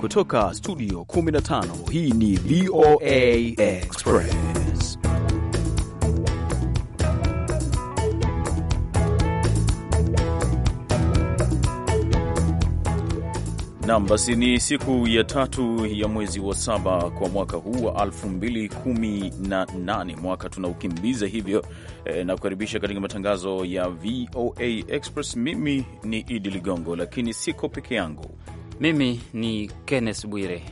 Kutoka studio 15 hii ni VOA Express. Nam, basi ni siku ya tatu ya mwezi wa saba kwa mwaka huu wa 2018 mwaka tunaukimbiza hivyo E, na kukaribisha katika matangazo ya VOA Express. Mimi ni Idi Ligongo, lakini siko peke yangu mimi ni Kenneth Bwire.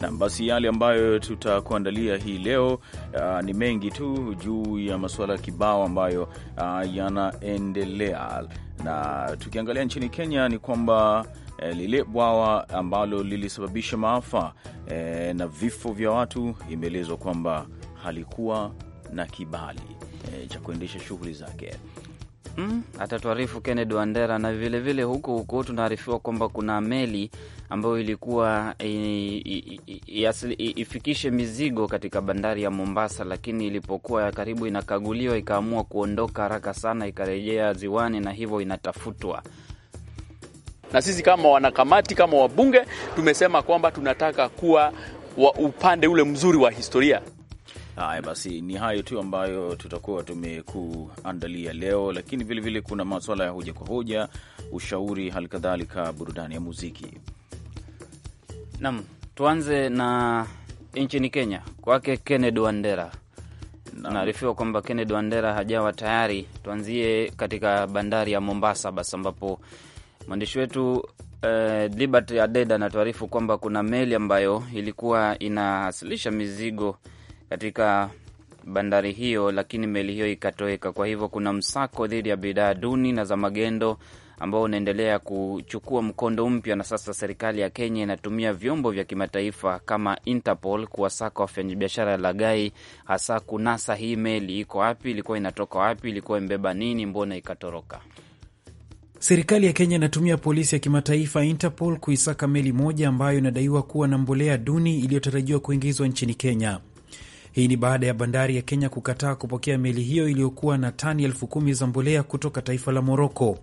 Nam, basi yale ambayo tutakuandalia hii leo uh, ni mengi tu juu ya masuala ya kibao ambayo uh, yanaendelea, na tukiangalia nchini Kenya ni kwamba eh, lile bwawa ambalo lilisababisha maafa eh, na vifo vya watu imeelezwa kwamba halikuwa na kibali eh, cha kuendesha shughuli zake. Mm, atatuarifu Kennedy Wandera. Na vilevile vile huko huko tunaarifiwa kwamba kuna meli ambayo ilikuwa ifikishe mizigo katika bandari ya Mombasa, lakini ilipokuwa ya karibu inakaguliwa, ikaamua kuondoka haraka sana, ikarejea ziwani na hivyo inatafutwa na sisi kama wanakamati kama wabunge tumesema kwamba tunataka kuwa wa upande ule mzuri wa historia. Haya basi, ni hayo tu ambayo tutakuwa tumekuandalia leo, lakini vilevile vile kuna maswala ya hoja kwa hoja, ushauri, halikadhalika burudani ya muziki. Nam, tuanze na nchini Kenya, kwake Kennedy Wandera. Naarifiwa kwamba Kennedy Wandera hajawa tayari. Tuanzie katika bandari ya Mombasa basi, ambapo mwandishi wetu eh, Liberty Adeda anatuarifu kwamba kuna meli ambayo ilikuwa inawasilisha mizigo katika bandari hiyo, lakini meli hiyo ikatoweka. Kwa hivyo kuna msako dhidi ya bidhaa duni na za magendo ambao unaendelea kuchukua mkondo mpya, na sasa serikali ya Kenya inatumia vyombo vya kimataifa kama Interpol kuwasaka wafanyabiashara lagai, hasa kunasa hii meli iko wapi, ilikuwa inatoka wapi, ilikuwa imbeba nini, mbona ikatoroka? Serikali ya Kenya inatumia polisi ya kimataifa Interpol kuisaka meli moja ambayo inadaiwa kuwa na mbolea duni iliyotarajiwa kuingizwa nchini Kenya. Hii ni baada ya bandari ya Kenya kukataa kupokea meli hiyo iliyokuwa na tani elfu kumi za mbolea kutoka taifa la Moroko.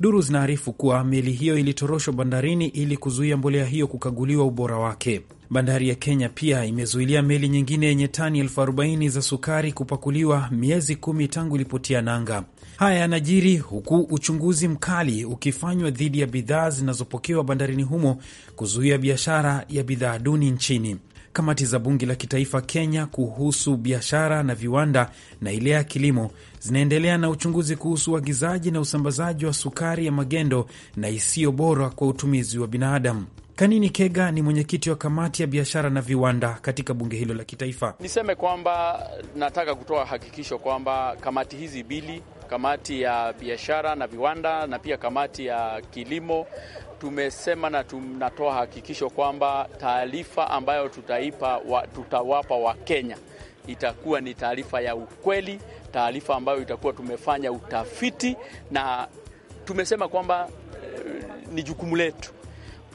Duru zinaarifu kuwa meli hiyo ilitoroshwa bandarini ili kuzuia mbolea hiyo kukaguliwa ubora wake. Bandari ya Kenya pia imezuilia meli nyingine yenye tani elfu arobaini za sukari kupakuliwa miezi kumi tangu ilipotia nanga. Haya yanajiri huku uchunguzi mkali ukifanywa dhidi ya bidhaa zinazopokewa bandarini humo kuzuia biashara ya bidhaa duni nchini. Kamati za bunge la kitaifa Kenya kuhusu biashara na viwanda na ile ya kilimo zinaendelea na uchunguzi kuhusu uagizaji na usambazaji wa sukari ya magendo na isiyo bora kwa utumizi wa binadamu. Kanini Kega ni mwenyekiti wa kamati ya biashara na viwanda katika bunge hilo la kitaifa. Niseme kwamba nataka kutoa hakikisho kwamba kamati hizi mbili kamati ya biashara na viwanda na pia kamati ya kilimo tumesema na tunatoa hakikisho kwamba taarifa ambayo tutaipa wa, tutawapa Wakenya itakuwa ni taarifa ya ukweli, taarifa ambayo itakuwa tumefanya utafiti, na tumesema kwamba eh, ni jukumu letu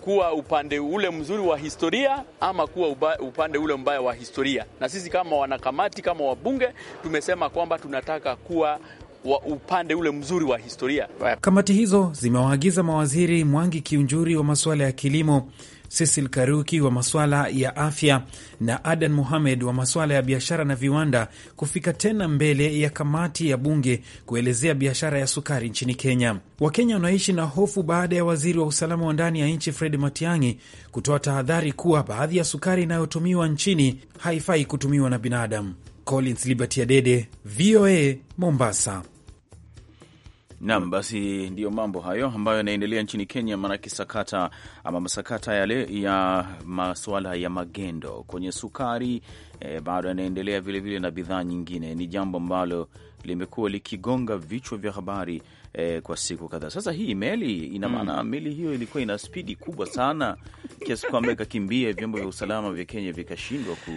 kuwa upande ule mzuri wa historia ama kuwa upande ule mbaya wa historia. Na sisi kama wanakamati, kama wabunge, tumesema kwamba tunataka kuwa wa upande ule mzuri wa historia. Kamati hizo zimewaagiza mawaziri Mwangi Kiunjuri wa masuala ya kilimo, Cecil Karuki wa masuala ya afya na Adan Mohamed wa masuala ya biashara na viwanda kufika tena mbele ya kamati ya bunge kuelezea biashara ya sukari nchini Kenya. Wakenya wanaishi na hofu baada ya waziri wa usalama wa ndani ya nchi Fred Matiang'i kutoa tahadhari kuwa baadhi ya sukari inayotumiwa nchini haifai kutumiwa na binadamu. Collins Liberty Adede, VOA, Mombasa. Naam, basi ndiyo mambo hayo ambayo yanaendelea nchini Kenya, maanake sakata ama masakata yale ya masuala ya magendo kwenye sukari e, bado yanaendelea vilevile na bidhaa nyingine. Ni jambo ambalo limekuwa likigonga vichwa vya habari e, kwa siku kadhaa sasa. Hii meli ina maana mm, meli hiyo ilikuwa ina spidi kubwa sana kiasi kwamba ikakimbia vyombo vya usalama vya Kenya vikashindwa ku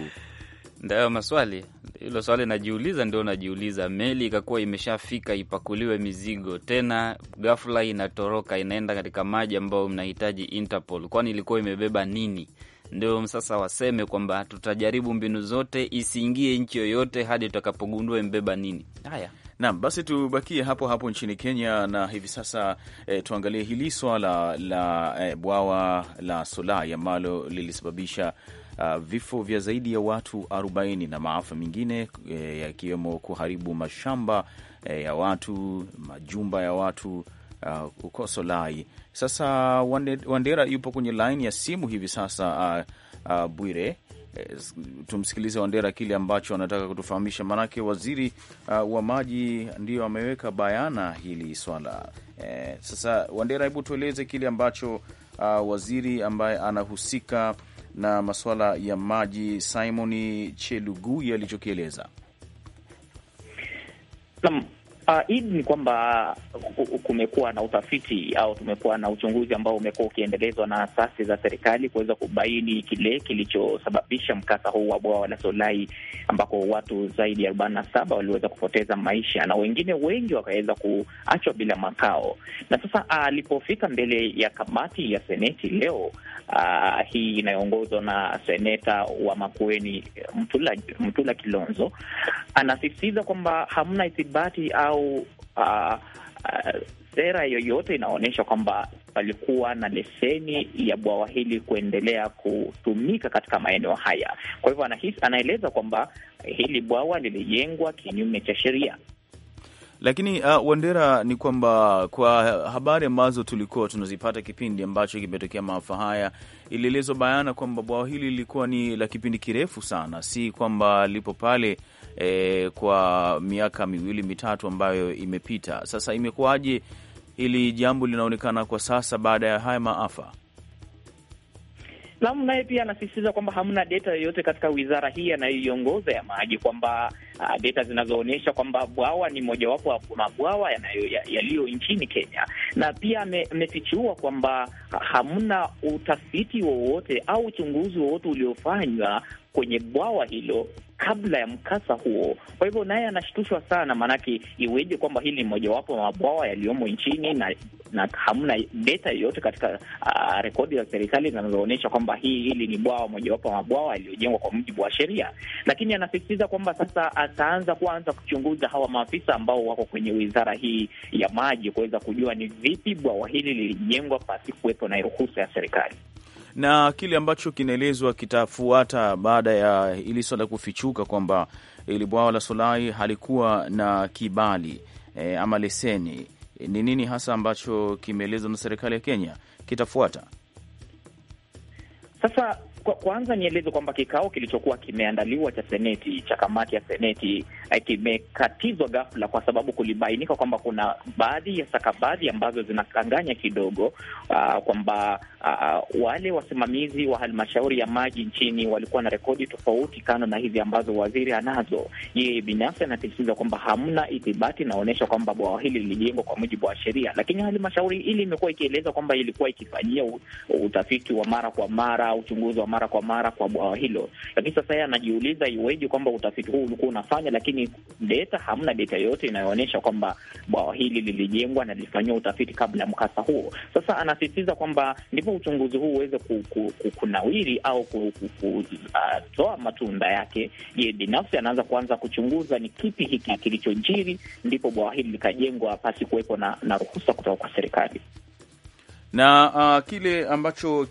ndio maswali, hilo swali najiuliza, ndio najiuliza. Meli ikakuwa imeshafika ipakuliwe mizigo, tena ghafla inatoroka inaenda katika maji ambayo mnahitaji Interpol, kwani ilikuwa imebeba nini? Ndio sasa waseme kwamba tutajaribu mbinu zote isiingie nchi yoyote hadi tutakapogundua imebeba nini. Haya. Naam, basi tubakie hapo hapo nchini Kenya na hivi sasa e, tuangalie hili swala la e, bwawa la Solai ambalo lilisababisha uh, vifo vya zaidi ya watu 40 na maafa mengine eh, yakiwemo kuharibu mashamba eh, ya watu, majumba ya watu uh, ukoso lai. Sasa Wandera yupo kwenye laini ya simu hivi sasa. Uh, uh, Bwire eh, tumsikilize Wandera kile ambacho anataka kutufahamisha, maanake waziri uh, wa maji ndio ameweka bayana hili swala eh. Sasa Wandera, hebu tueleze kile ambacho uh, waziri ambaye anahusika na masuala ya maji Simon Chelugui alichokieleza. Naam, hii ah, ni kwamba kumekuwa na utafiti au tumekuwa na uchunguzi ambao umekuwa ukiendelezwa na asasi za serikali kuweza kubaini kile kilichosababisha mkasa huu wa bwawa la Solai ambako watu zaidi ya arobaini na saba waliweza kupoteza maisha na wengine wengi wakaweza kuachwa bila makao. Na sasa ah, alipofika mbele ya kamati ya Seneti leo uh, hii inayoongozwa na seneta wa Makueni Mtula, Mtula Kilonzo anasisitiza kwamba hamna ithibati au uh, uh, sera yoyote inaonyesha kwamba palikuwa na leseni ya bwawa hili kuendelea kutumika katika maeneo haya. Kwa hivyo anaeleza kwamba hili bwawa lilijengwa kinyume cha sheria lakini uh, Wandera, ni kwamba kwa habari ambazo tulikuwa tunazipata kipindi ambacho kimetokea maafa haya, ilielezwa bayana kwamba bwawa hili lilikuwa ni la kipindi kirefu sana, si kwamba lipo pale e, kwa miaka miwili mitatu ambayo imepita. Sasa imekuwaje hili jambo linaonekana kwa sasa baada ya haya maafa? Naam, naye pia anasisitiza kwamba hamna deta yoyote katika wizara hii anayoiongoza ya maji kwamba uh, data zinazoonyesha kwamba bwawa ni mojawapo ya mabwawa yaliyo ya nchini Kenya, na pia amefichua kwamba hamna utafiti wowote au uchunguzi wowote uliofanywa kwenye bwawa hilo kabla ya mkasa huo. Kwa hivyo naye anashtushwa sana, maanake iweje kwamba hili ni mojawapo mabwawa yaliyomo nchini na na hamna data yoyote katika uh, rekodi za serikali zinazoonyesha kwamba hii hili ni bwawa mojawapo mabwawa yaliyojengwa kwa mujibu wa sheria. Lakini anasisitiza kwamba sasa ataanza kuanza kuchunguza hawa maafisa ambao wako kwenye wizara hii ya maji kuweza kujua ni vipi bwawa hili lilijengwa pasi kuwepo na ruhusa ya serikali na kile ambacho kinaelezwa kitafuata baada ya ili swala kufichuka kwamba ili bwawa la Solai halikuwa na kibali e, ama leseni e, ni nini hasa ambacho kimeelezwa na serikali ya Kenya kitafuata sasa? Kwa, kwanza nieleze kwamba kikao kilichokuwa kimeandaliwa cha seneti cha kamati ya seneti eh, kimekatizwa ghafla kwa sababu kulibainika kwamba kuna baadhi ya sakabadhi ambazo zinakanganya kidogo, ah, kwamba ah, ah, wale wasimamizi wa halmashauri ya maji nchini walikuwa na rekodi tofauti kando na hizi ambazo waziri anazo. Yeye binafsi anasisitiza kwamba hamna ithibati inaonyesha kwamba bwawa hili lilijengwa kwa mujibu wa sheria, lakini halmashauri hili imekuwa ikieleza kwamba ilikuwa ikifanyia utafiti wa mara kwa mara, uchunguzi wa mara kwa mara kwa bwawa hilo. Lakini sasa yeye anajiuliza iweje kwamba utafiti huu ulikuwa unafanya, lakini data, hamna data yoyote inayoonyesha kwamba bwawa hili lilijengwa na lilifanyiwa utafiti kabla ya mkasa huo. Sasa anasisitiza kwamba ndipo uchunguzi huu uweze kunawiri au kutoa uh, matunda yake. Je, binafsi anaanza kuanza kuchunguza ni kipi hiki kilichojiri, ndipo bwawa hili likajengwa pasi kuwepo na, na ruhusa kutoka kwa serikali na uh, kile ambacho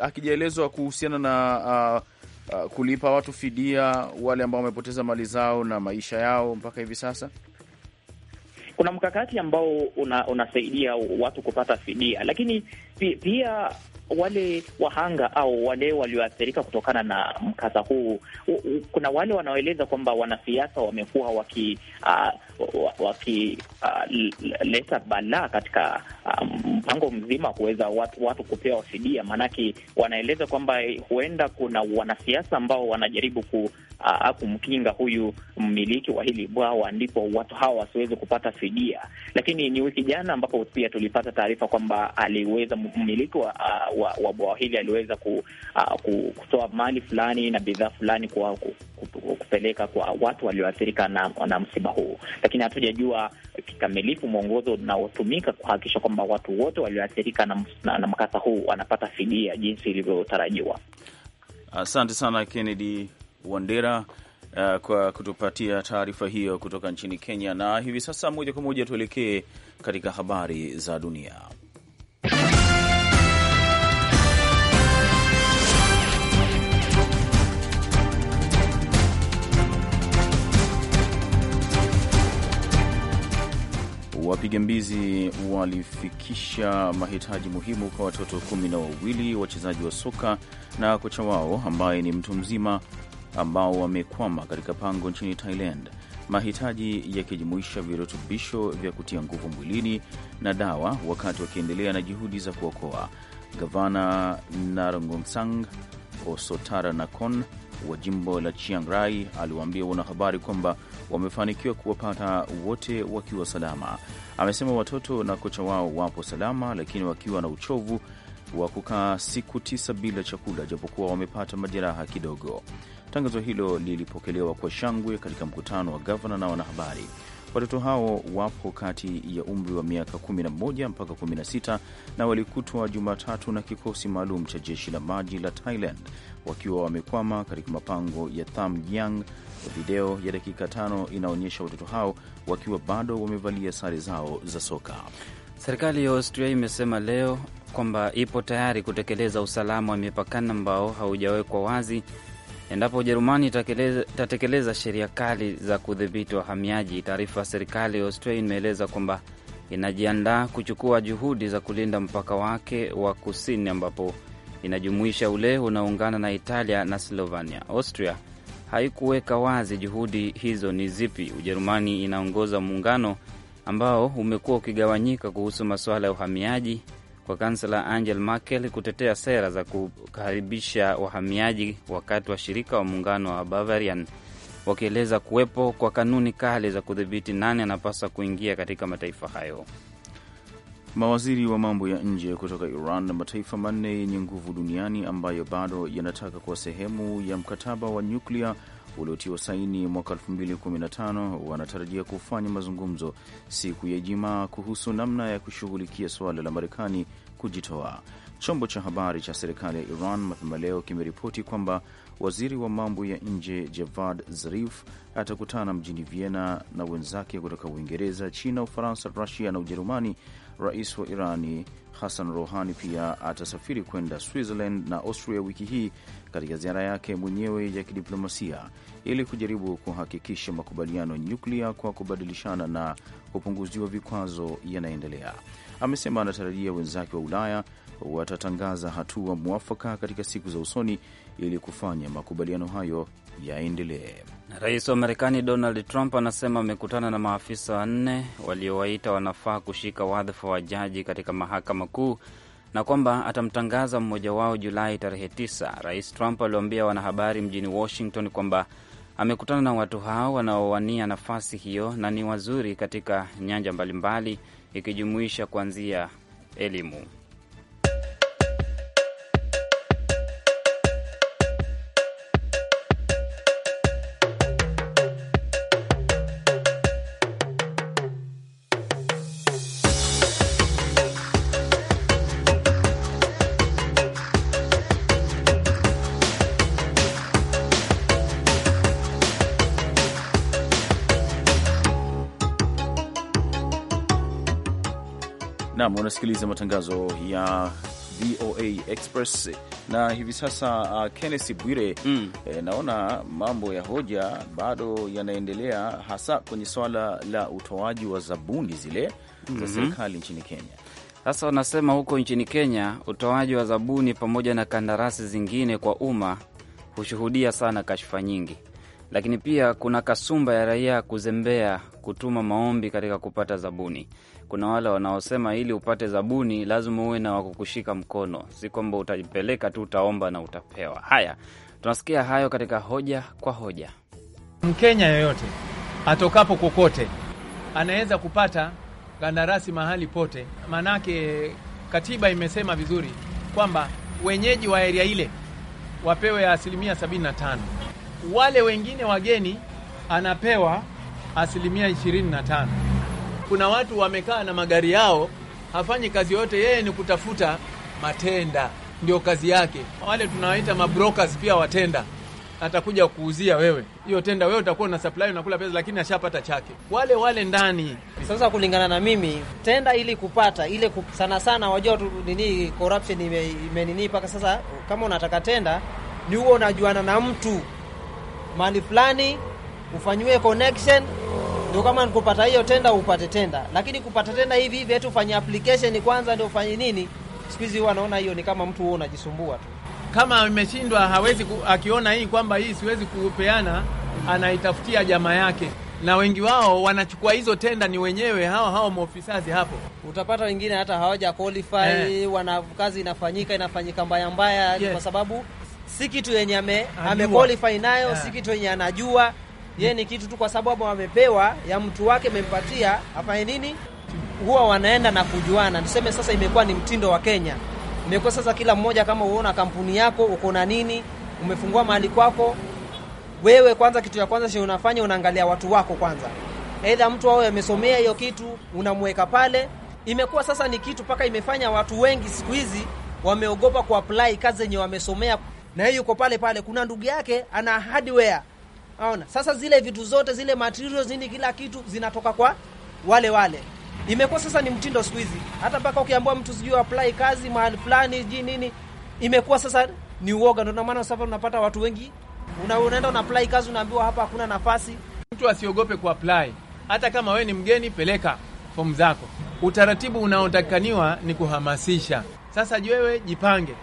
akijaelezwa kuhusiana na uh, uh, kulipa watu fidia wale ambao wamepoteza mali zao na maisha yao mpaka hivi sasa kuna mkakati ambao una, unasaidia watu kupata fidia, lakini pia wale wahanga au wale walioathirika kutokana na mkasa huu, kuna wale wanaoeleza kwamba wanasiasa wamekuwa waki uh, wakileta uh, balaa katika um, mpango um, mzima wa kuweza watu, watu kupewa fidia. Maanake wanaeleza kwamba huenda kuna wanasiasa ambao wanajaribu ku, uh, kumkinga huyu mmiliki wa hili bwawa, ndipo watu hawa wasiweze kupata fidia. Lakini ni wiki jana ambapo pia tulipata taarifa kwamba aliweza mmiliki wa, uh, wa, wa bwawa hili aliweza ku, uh, kutoa mali fulani na bidhaa fulani kwa, ku, ku, kupeleka kwa watu walioathirika na, na msiba huu lakini hatujajua kikamilifu mwongozo unaotumika kuhakikisha kwamba watu wote walioathirika na, na, na mkasa huu wanapata fidia jinsi ilivyotarajiwa. Asante sana Kennedy Wandera uh, kwa kutupatia taarifa hiyo kutoka nchini Kenya. Na hivi sasa moja kwa moja tuelekee katika habari za dunia. Wapiga mbizi walifikisha mahitaji muhimu kwa watoto kumi na wawili wachezaji wa soka na kocha wao ambaye ni mtu mzima ambao wamekwama katika pango nchini Thailand. Mahitaji yakijumuisha virutubisho vya kutia nguvu mwilini na dawa, wakati wakiendelea na juhudi za kuokoa. Gavana Narongonsang Osotara Nakon wa jimbo la Chiang Rai aliwaambia wanahabari kwamba wamefanikiwa kuwapata wote wakiwa salama. Amesema watoto na kocha wao wapo salama, lakini wakiwa na uchovu wa kukaa siku tisa bila chakula, japokuwa wamepata majeraha kidogo. Tangazo hilo lilipokelewa kwa shangwe katika mkutano wa gavana na wanahabari. Watoto hao wapo kati ya umri wa miaka 11 mpaka 16 na walikutwa Jumatatu na kikosi maalum cha jeshi la maji la Thailand wakiwa wamekwama katika mapango ya Tham Yang. Video ya dakika tano inaonyesha watoto hao wakiwa bado wamevalia sare zao za soka. Serikali ya Austria imesema leo kwamba ipo tayari kutekeleza usalama wa mipakani ambao haujawekwa wazi endapo Ujerumani itatekeleza sheria kali za kudhibiti wahamiaji. Taarifa ya serikali ya Austria imeeleza kwamba inajiandaa kuchukua juhudi za kulinda mpaka wake wa kusini, ambapo inajumuisha ule unaoungana na Italia na Slovenia. Austria haikuweka wazi juhudi hizo ni zipi. Ujerumani inaongoza muungano ambao umekuwa ukigawanyika kuhusu masuala ya uhamiaji, kwa kansela Angela Merkel kutetea sera za kukaribisha wahamiaji, wakati washirika wa muungano wa Bavarian wakieleza kuwepo kwa kanuni kali za kudhibiti nani anapaswa kuingia katika mataifa hayo. Mawaziri wa mambo ya nje kutoka Iran na mataifa manne yenye nguvu duniani ambayo bado yanataka kuwa sehemu ya mkataba wa nyuklia uliotiwa saini mwaka 2015 wanatarajia kufanya mazungumzo siku ya Ijumaa kuhusu namna ya kushughulikia suala la Marekani kujitoa. Chombo cha habari cha serikali ya Iran mapema leo kimeripoti kwamba waziri wa mambo ya nje Javad Zarif atakutana mjini Vienna na wenzake kutoka Uingereza, China, Ufaransa, Rusia na Ujerumani. Rais wa Irani Hassan rohani pia atasafiri kwenda Switzerland na Austria wiki hii katika ziara yake mwenyewe ya kidiplomasia ili kujaribu kuhakikisha makubaliano nyuklia kwa kubadilishana na kupunguziwa vikwazo yanaendelea. Amesema anatarajia wenzake wa Ulaya watatangaza hatua mwafaka katika siku za usoni ili kufanya makubaliano hayo yaendelee. Rais wa Marekani Donald Trump anasema amekutana na maafisa wanne waliowaita wanafaa kushika wadhifa wa jaji katika mahakama kuu na kwamba atamtangaza mmoja wao Julai tarehe 9. Rais Trump aliwaambia wanahabari mjini Washington kwamba amekutana na watu hao wanaowania nafasi hiyo na ni wazuri katika nyanja mbalimbali, ikijumuisha kuanzia elimu. unasikiliza matangazo ya VOA Express na hivi sasa uh, Kenneth Bwire mm. E, naona mambo ya hoja bado yanaendelea hasa kwenye swala la utoaji wa zabuni zile mm -hmm. za mhm. serikali nchini Kenya. Sasa wanasema huko nchini Kenya utoaji wa zabuni pamoja na kandarasi zingine kwa umma hushuhudia sana kashfa nyingi lakini pia kuna kasumba ya raia kuzembea kutuma maombi katika kupata zabuni. Kuna wale wanaosema ili upate zabuni lazima uwe na wakukushika mkono, si kwamba utaipeleka tu, utaomba na utapewa. Haya, tunasikia hayo katika hoja kwa hoja. Mkenya yoyote atokapo kokote anaweza kupata kandarasi mahali pote, maanake katiba imesema vizuri kwamba wenyeji wa eria ile wapewe asilimia 75 wale wengine wageni anapewa asilimia ishirini na tano. Kuna watu wamekaa na magari yao, hafanyi kazi yote, yeye ni kutafuta matenda, ndio kazi yake. Wale tunawaita mabrokers pia watenda atakuja kuuzia wewe hiyo tenda, wewe utakuwa na supply unakula pesa, lakini ashapata chake. Wale wale ndani sasa, kulingana na mimi, tenda ili kupata ile kup... sana sana, wajua tu nini corruption imenini ime mpaka sasa, kama unataka tenda ni huo unajuana na mtu mali fulani ufanyiwe connection ndio kama nikupata hiyo tenda upate tenda, lakini kupata tenda hivi hivi eti ufanye application kwanza ndio ufanye nini, siku hizi huwa naona hiyo ni kama mtu huo unajisumbua tu. Kama ameshindwa hawezi ku, akiona hii kwamba hii siwezi kupeana, anaitafutia jamaa yake, na wengi wao wanachukua hizo tenda ni wenyewe hao hao maofisazi hapo. Utapata wengine hata hawaja qualify eh, wana kazi inafanyika inafanyika mbaya mbaya, yes, kwa sababu si kitu yenye ame, ame qualify nayo yeah. Si kitu yenye anajua yeye, ni kitu tu kwa sababu amepewa ya mtu wake, amempatia afanye nini, huwa wanaenda na kujuana. Tuseme sasa imekuwa ni mtindo wa Kenya, imekuwa sasa kila mmoja, kama uona kampuni yako, uko na nini, umefungua mahali kwako wewe, kwanza kitu ya kwanza unafanya unaangalia watu wako kwanza, aidha mtu awe amesomea hiyo kitu, unamweka pale. Imekuwa sasa ni kitu mpaka imefanya watu wengi siku hizi wameogopa kuapply kazi yenye wamesomea na yeye yuko pale pale, kuna ndugu yake ana hardware. Aona sasa zile vitu zote zile materials nini, kila kitu zinatoka kwa wale wale. Imekuwa sasa ni mtindo siku hizi, hata mpaka ukiambiwa mtu sijui apply kazi mahali fulani ji nini, imekuwa sasa ni uoga. Ndio maana sasa unapata watu wengi, una, unaenda una apply kazi unaambiwa hapa hakuna nafasi. Mtu asiogope ku apply, hata kama we ni mgeni, peleka fomu zako. Utaratibu unaotakaniwa ni kuhamasisha. Sasa jiwewe jipange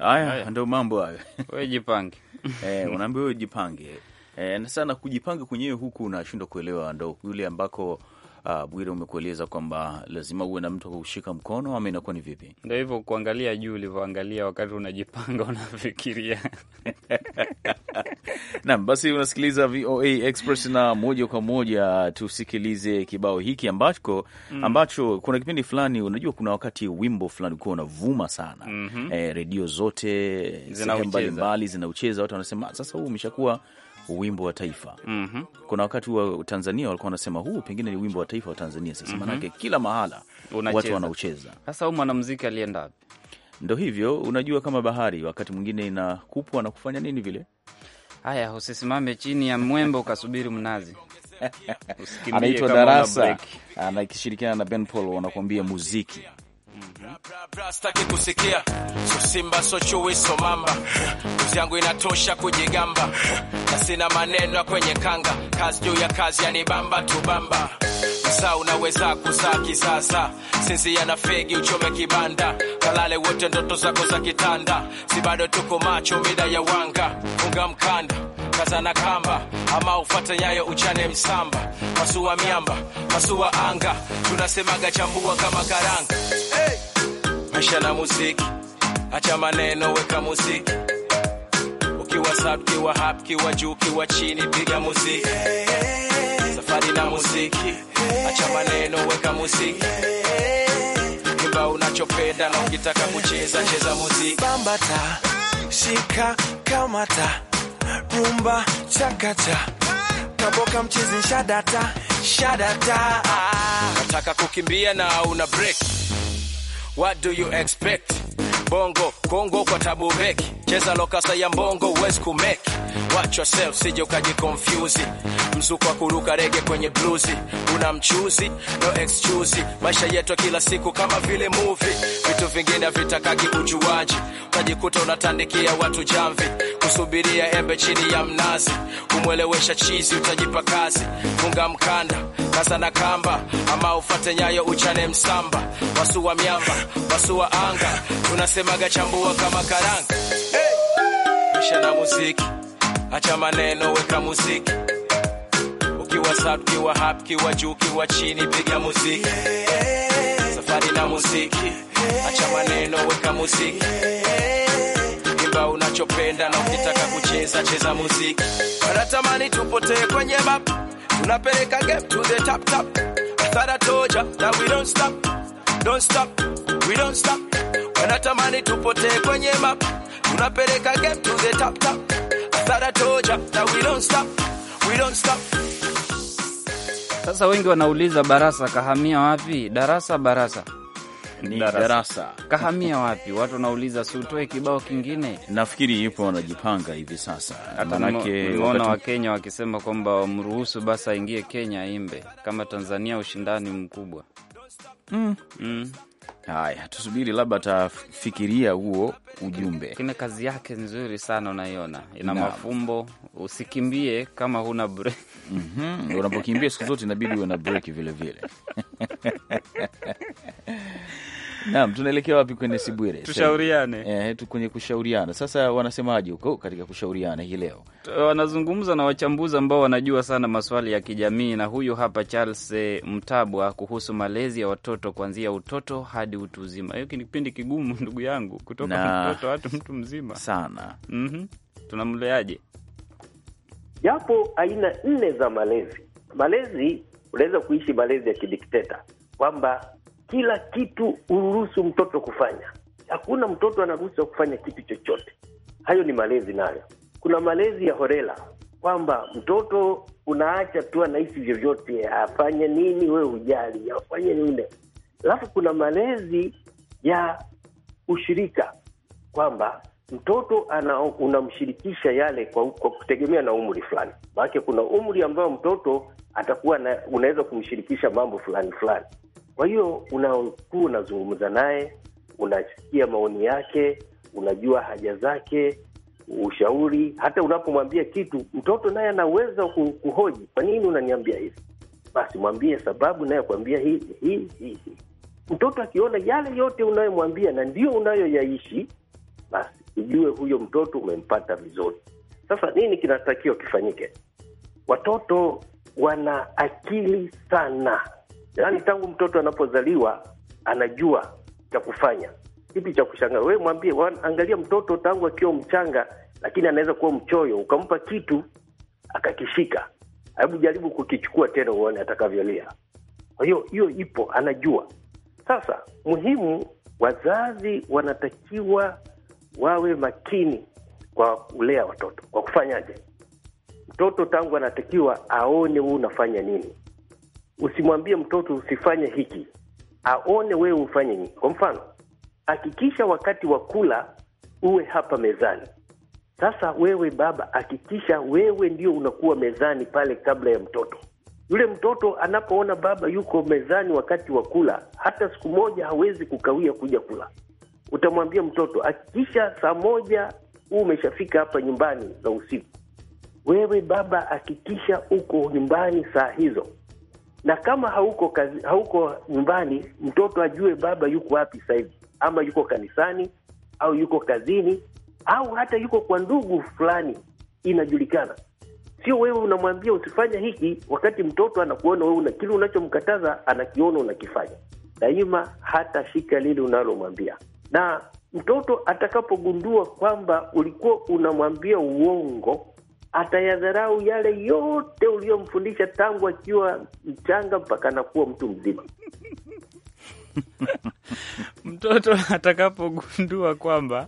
Haya ndio mambo hayo, wewe jipange. Eh, unaambiwa wewe jipange. Eh, sana kujipange kwenyewe huku unashindwa kuelewa ndo yule ambako uh, Bwire umekueleza kwamba lazima uwe na mtu kushika mkono, ama inakuwa ni vipi? Ndo hivyo kuangalia juu ulivyoangalia wakati unajipanga unafikiria. Naam, basi unasikiliza VOA Express na moja kwa moja tusikilize kibao hiki ambacho, mm. ambacho kuna kipindi fulani, unajua kuna wakati wimbo fulani kuwa unavuma sana mm -hmm. eh, redio zote sehemu mbalimbali zinaucheza, watu wanasema ah, sasa huu umeshakuwa wimbo wa taifa mm -hmm. Kuna wakati wa Tanzania walikuwa wanasema huu pengine ni wimbo wa taifa wa Tanzania sasa, mhm. maanake mm -hmm. kila mahala Unacheza. watu wanaucheza. Sasa huyu mwanamuziki alienda wapi? Ndo hivyo, unajua kama bahari wakati mwingine inakupwa na kufanya nini vile. Haya, usisimame chini ya mwembe ukasubiri mnazi. Anaitwa Darasa, anakishirikiana na Ben Paul, wanakuambia muziki Sitaki kusikia so simba so chui so mamba, uzi yangu inatosha kujigamba, na sina maneno kwenye kanga, kazi juu ya kazi yani bamba tu bamba. Saa unaweza kuzaa kisasa, sinzia na fegi uchome kibanda, kalale wote ndoto zako za kitanda, si bado tuko macho mida ya wanga, funga mkanda kazana kamba, ama ufate nyayo uchane msamba, masuwa miamba, masuwa anga, tunasemaga chambua kama karanga Kesha na muziki, acha maneno, weka muziki. Ukiwa sub, kiwa hap, kiwa juu, kiwa chini, piga muziki. Safari na muziki, acha maneno, weka muziki. Imba unachopenda na ukitaka kucheza, cheza muziki. Bambata, shika, kamata, rumba, chakata, kaboka mchizi, shadata, shadata. Nataka kukimbia na una break What do you expect? Bongo Kongo kwa tabu beki, cheza lokasa ya mbongo, huwezi kumeki. Watch yourself sije confuse Mzuko wa kuruka rege kwenye bluzi, una mchuzi no excuse. Maisha yetu kila siku kama vile movie, vitu vingine vitakagi ujuaji tajikuta unatandikia watu jamvi, kusubiria embe chini ya mnazi, kumwelewesha chizi, utajipa kazi, funga mkanda kasa na kamba, ama ufate nyayo uchane msamba, wa miamba, wa anga, tunasemaga chambua kama karanga. Hey! Misha na muziki, acha maneno, weka muziki ukiwa sap, kiwa hap, kiwa juu, kiwa chini, piga muziki Hey! burudani na muziki, acha maneno, weka muziki, imba unachopenda, na ukitaka kucheza cheza muziki. Wanatamani tupotee kwenye map, tunapeleka game to the top top. Thara toja that we don't stop, don't stop, we don't stop. Wanatamani tupotee kwenye map, tunapeleka game to the top top. Thara toja that we don't stop, we don't stop. Sasa wengi wanauliza barasa kahamia wapi? Darasa barasa ni darasa, darasa. Kahamia wapi? Watu wanauliza, si utoe kibao kingine? Nafikiri ipo wanajipanga hivi sasa, hatanimeona Wakenya wakisema kwamba wamruhusu basi aingie Kenya aimbe. Kama Tanzania ushindani mkubwa mm. Mm. Haya, tusubiri labda atafikiria huo ujumbe. lakini kazi yake nzuri sana, unaiona ina mafumbo. Usikimbie kama huna break. mm -hmm. Unapokimbia siku zote inabidi uwe na break vilevile Naam, tunaelekea wapi kwenye Sibwire? Tushauriane. Eh, kwenye kushauriana. Sasa wanasemaje huko katika kushauriana hii leo? Wanazungumza na wachambuzi ambao wanajua sana maswali ya kijamii na huyu hapa Charles eh, Mtabwa kuhusu malezi ya watoto kuanzia utoto hadi utu uzima. Hiyo ni kipindi kigumu ndugu yangu kutoka na... mtoto hadi mtu mzima. Sana. Mhm. Mm Tunamleaje? Japo aina nne za malezi. Malezi unaweza kuishi malezi ya kidikteta kwamba kila kitu uruhusu mtoto kufanya. Hakuna mtoto anaruhusiwa kufanya kitu chochote. Hayo ni malezi nayo. Kuna malezi ya horela kwamba mtoto unaacha tu anahisi vyovyote, afanye nini wewe hujali, afanye nini. Alafu kuna malezi ya ushirika kwamba mtoto ana, unamshirikisha yale kwa, kwa kutegemea na umri fulani. Maanake kuna umri ambao mtoto atakuwa unaweza kumshirikisha mambo fulani fulani. Kwa hiyo unakuwa unazungumza naye, unasikia maoni yake, unajua haja zake, ushauri. Hata unapomwambia kitu, mtoto naye anaweza kuhoji, kwa nini unaniambia hivi? Basi mwambie sababu, naye kuambia hii hii hii. Mtoto akiona yale yote unayomwambia na ndio unayoyaishi, basi ujue huyo mtoto umempata vizuri. Sasa nini kinatakiwa kifanyike? Watoto wana akili sana yaani tangu mtoto anapozaliwa anajua cha kufanya. Kipi cha kushangaa? Wewe mwambie, angalia mtoto tangu akiwa mchanga, lakini anaweza kuwa mchoyo, ukampa kitu akakishika. Hebu jaribu kukichukua tena uone atakavyolia. Kwa hiyo hiyo ipo, anajua. Sasa muhimu, wazazi wanatakiwa wawe makini kwa kulea watoto. Kwa kufanyaje? Mtoto tangu anatakiwa aone huu unafanya nini usimwambie mtoto usifanye hiki, aone wewe ufanye nini. Kwa mfano, hakikisha wakati wa kula uwe hapa mezani. Sasa wewe baba, hakikisha wewe ndio unakuwa mezani pale kabla ya mtoto. Yule mtoto anapoona baba yuko mezani wakati wa kula, hata siku moja hawezi kukawia kuja kula. Utamwambia mtoto, hakikisha saa moja huu umeshafika hapa nyumbani za usiku. Wewe baba, hakikisha uko nyumbani saa hizo na kama hauko kazi, hauko nyumbani, mtoto ajue baba yuko wapi sasa hivi, ama yuko kanisani au yuko kazini au hata yuko kwa ndugu fulani, inajulikana. Sio wewe unamwambia usifanya hiki, wakati mtoto anakuona wewe una kile unachomkataza anakiona unakifanya. Daima hata shika lile unalomwambia, na mtoto atakapogundua kwamba ulikuwa unamwambia uongo atayadharau yale yote uliyomfundisha tangu akiwa mchanga mpaka anakuwa mtu mzima. Mtoto atakapogundua kwamba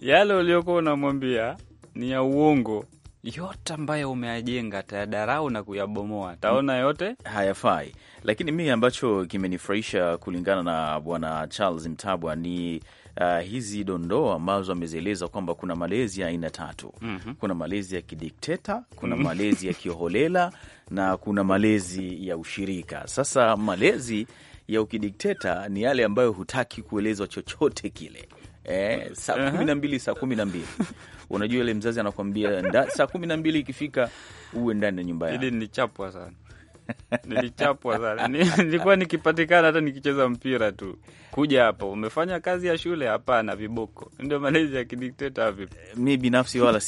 yale uliokuwa unamwambia ni ya uongo, yote ambayo umeajenga atayadarau na kuyabomoa, ataona yote hayafai. Lakini mi ambacho kimenifurahisha kulingana na Bwana Charles Mtabwa ni Uh, hizi dondoo ambazo amezieleza kwamba kuna malezi ya aina tatu. mm -hmm. Kuna malezi ya kidikteta, kuna mm -hmm. malezi ya kiholela na kuna malezi ya ushirika. Sasa malezi ya ukidikteta ni yale ambayo hutaki kuelezwa chochote kile eh, saa kumi na mbili saa kumi na mbili unajua ile mzazi anakuambia saa kumi na mbili ikifika uwe ndani ya nyumba yako. chapwa sana nilichapwa sana, nilikuwa nikipatikana hata nikicheza mpira tu. Kuja hapa umefanya kazi ya shule? Hapana, viboko ndio malezi ya kidikteta. Vipi? Mi binafsi wala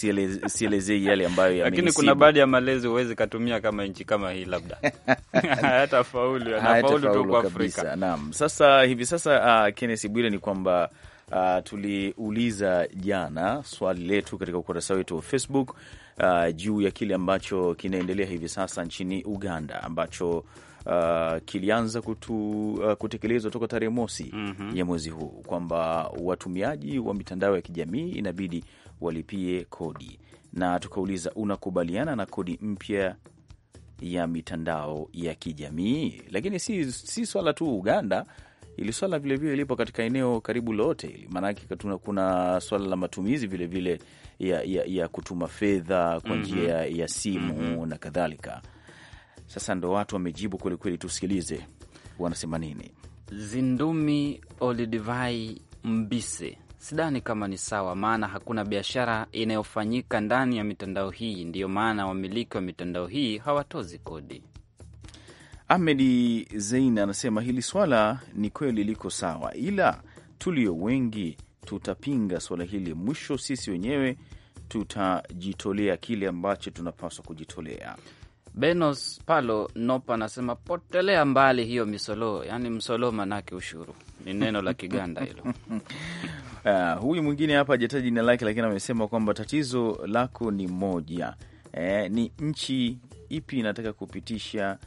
sielezei yale ambayo ya, lakini kuna baadhi ya malezi huwezi katumia kama nchi kama hii, labda hayatafaulu, yanafaulu tu kwa Afrika. Naam, sasa hivi sasa, uh, Kenneth Bwire, ni kwamba Uh, tuliuliza jana swali letu katika ukurasa wetu wa Facebook uh, juu ya kile ambacho kinaendelea hivi sasa nchini Uganda ambacho Uh, kilianza kutu, uh, kutekelezwa toka tarehe mosi mm -hmm. ya mwezi huu kwamba watumiaji wa mitandao ya kijamii inabidi walipie kodi, na tukauliza unakubaliana na kodi mpya ya mitandao ya kijamii lakini si, si swala tu Uganda ili swala vilevile lipo katika eneo karibu lote, maanake kuna swala la matumizi vilevile vile ya, ya, ya kutuma fedha kwa mhm. njia mm -hmm. ya, ya simu mm -hmm. na kadhalika. Sasa ndo watu wamejibu kwelikweli, tusikilize wanasema nini. Zindumi Olidivai Mbise, sidhani kama ni sawa, maana hakuna biashara inayofanyika ndani ya mitandao hii. Ndiyo maana wamiliki wa mitandao hii hawatozi kodi ahmed Zein anasema hili swala ni kweli liko sawa, ila tulio wengi tutapinga swala hili. Mwisho sisi wenyewe tutajitolea kile ambacho tunapaswa kujitolea. Benos Palo Nop anasema potelea mbali hiyo misoloo, yaani msoloo manake ushuru ni neno la Kiganda hilo. Uh, huyu mwingine hapa hajataja jina lake, lakini amesema kwamba tatizo lako ni moja. Eh, ni nchi ipi inataka kupitisha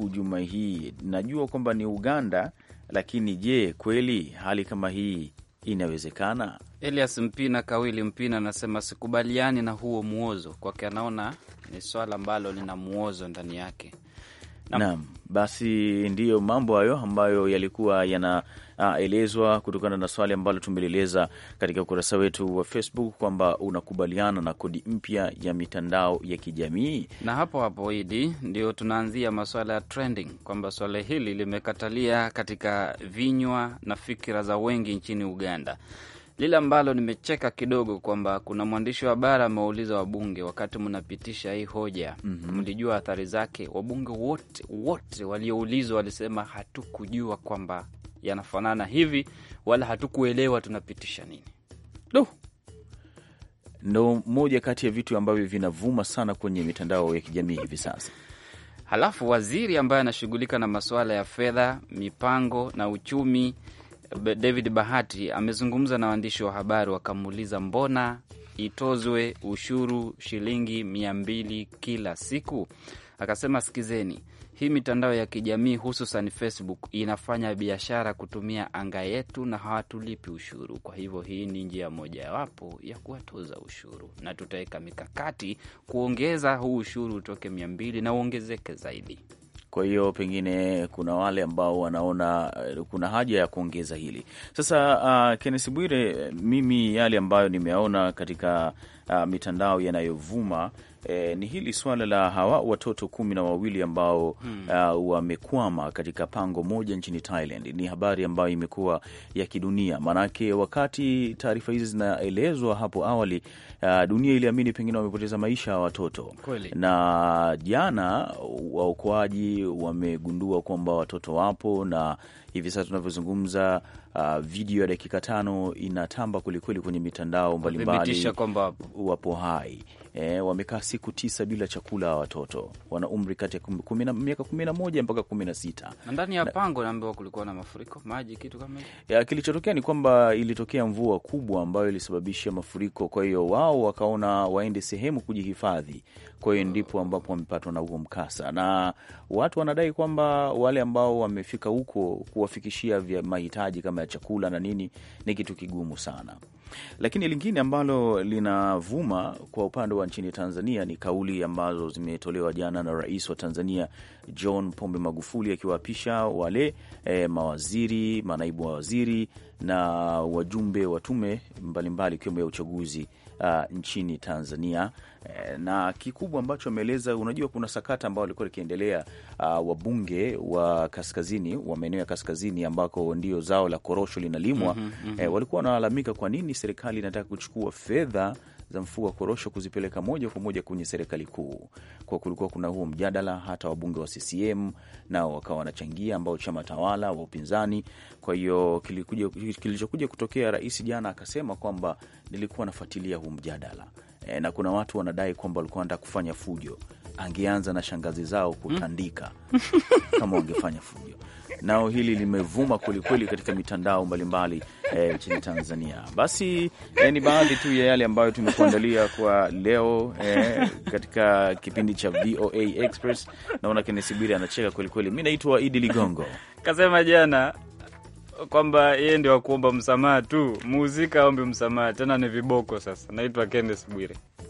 hujuma juma hii. Najua kwamba ni Uganda, lakini je, kweli hali kama hii inawezekana? Elias Mpina Kawili Mpina anasema sikubaliani na huo mwozo kwake, anaona ni swala ambalo lina mwozo ndani yake. Naam, basi ndiyo mambo hayo ambayo yalikuwa yanaelezwa kutokana na swali ambalo tumelieleza katika ukurasa wetu wa Facebook kwamba unakubaliana na kodi mpya ya mitandao ya kijamii. Na hapo hapo, Idi, ndio tunaanzia maswala ya trending, kwamba swala hili limekatalia katika vinywa na fikira za wengi nchini Uganda lile ambalo nimecheka kidogo kwamba kuna mwandishi wa habari amewauliza wabunge, wakati mnapitisha hii hoja mhm. mlijua mm -hmm. athari zake? Wabunge wote wote walioulizwa walisema hatukujua kwamba yanafanana hivi, wala hatukuelewa tunapitisha nini. Duh. Ndo moja kati ya vitu ambavyo vinavuma sana kwenye mitandao ya kijamii hivi sasa. Halafu waziri ambaye anashughulika na masuala ya fedha, mipango na uchumi David Bahati amezungumza na waandishi wa habari, wakamuuliza mbona itozwe ushuru shilingi mia mbili kila siku? Akasema, sikizeni, hii mitandao ya kijamii hususan Facebook inafanya biashara kutumia anga yetu na hawatulipi ushuru. Kwa hivyo hii ni njia mojawapo ya kuwatoza ushuru, na tutaweka mikakati kuongeza huu ushuru utoke mia mbili na uongezeke zaidi. Kwa hiyo pengine kuna wale ambao wanaona eh, kuna haja ya kuongeza hili sasa. Uh, ah, Kennes Bwire, eh, mimi yale ambayo nimeona katika uh, mitandao yanayovuma eh, ni hili swala la hawa watoto kumi na wawili ambao hmm, uh, wamekwama katika pango moja nchini Thailand. Ni habari ambayo imekuwa ya kidunia, maanake wakati taarifa hizi zinaelezwa hapo awali, uh, dunia iliamini pengine wamepoteza maisha ya watoto kweli. Na jana waokoaji wamegundua kwamba watoto wapo na hivi sasa tunavyozungumza, uh, video ya dakika tano inatamba kwelikweli kwenye mitandao mbalimbali, wapo hai e, wamekaa siku tisa bila chakula. Watoto wana umri kati ya miaka kumi na moja mpaka kumi na sita na ndani ya pango naambiwa kulikuwa na mafuriko maji, kitu kama hicho. Kilichotokea ni kwamba ilitokea mvua kubwa ambayo ilisababisha mafuriko, kwa hiyo wao wakaona waende sehemu kujihifadhi, kwa hiyo ndipo ambapo wamepatwa na huo mkasa, na watu wanadai kwamba wale ambao wamefika huko kuwafikishia vya mahitaji kama ya chakula na nini ni kitu kigumu sana, lakini lingine ambalo linavuma kwa upande hewa nchini Tanzania ni kauli ambazo zimetolewa jana na rais wa Tanzania John Pombe Magufuli akiwaapisha wale e, mawaziri, manaibu wa waziri na wajumbe wa tume mbalimbali ikiwemo ya uchaguzi a, ah, nchini Tanzania e, na kikubwa ambacho ameeleza, unajua kuna sakata ambao alikuwa likiendelea ah, wabunge wa kaskazini wa maeneo ya kaskazini ambako ndio zao la korosho linalimwa mm -hmm, mm -hmm. E, walikuwa wanalalamika kwa nini serikali inataka kuchukua fedha za mfuko wa korosho kuzipeleka moja kwa moja kwenye serikali kuu. Kwa kulikuwa kuna huo mjadala, hata wabunge wa CCM nao wakawa wanachangia, ambao chama tawala wa upinzani. Kwa hiyo kilichokuja kutokea, rais jana akasema kwamba nilikuwa nafuatilia huu mjadala e, na kuna watu wanadai kwamba walikuwa wanataka kufanya fujo angeanza na shangazi zao hmm. kutandika kama wangefanya fujo. Nao hili limevuma kwelikweli katika mitandao mbalimbali eh, nchini eh, Tanzania. Basi eh, ni baadhi tu ya yale ambayo tumekuandalia kwa leo eh, katika kipindi cha VOA Express. Naona Kenesi Bwire anacheka kwelikweli. Mi naitwa Idi Ligongo. Kasema jana kwamba yeye ndio wakuomba msamaha tu, muhusika aombe msamaha, tena ni viboko. Sasa naitwa Kennes Bwire.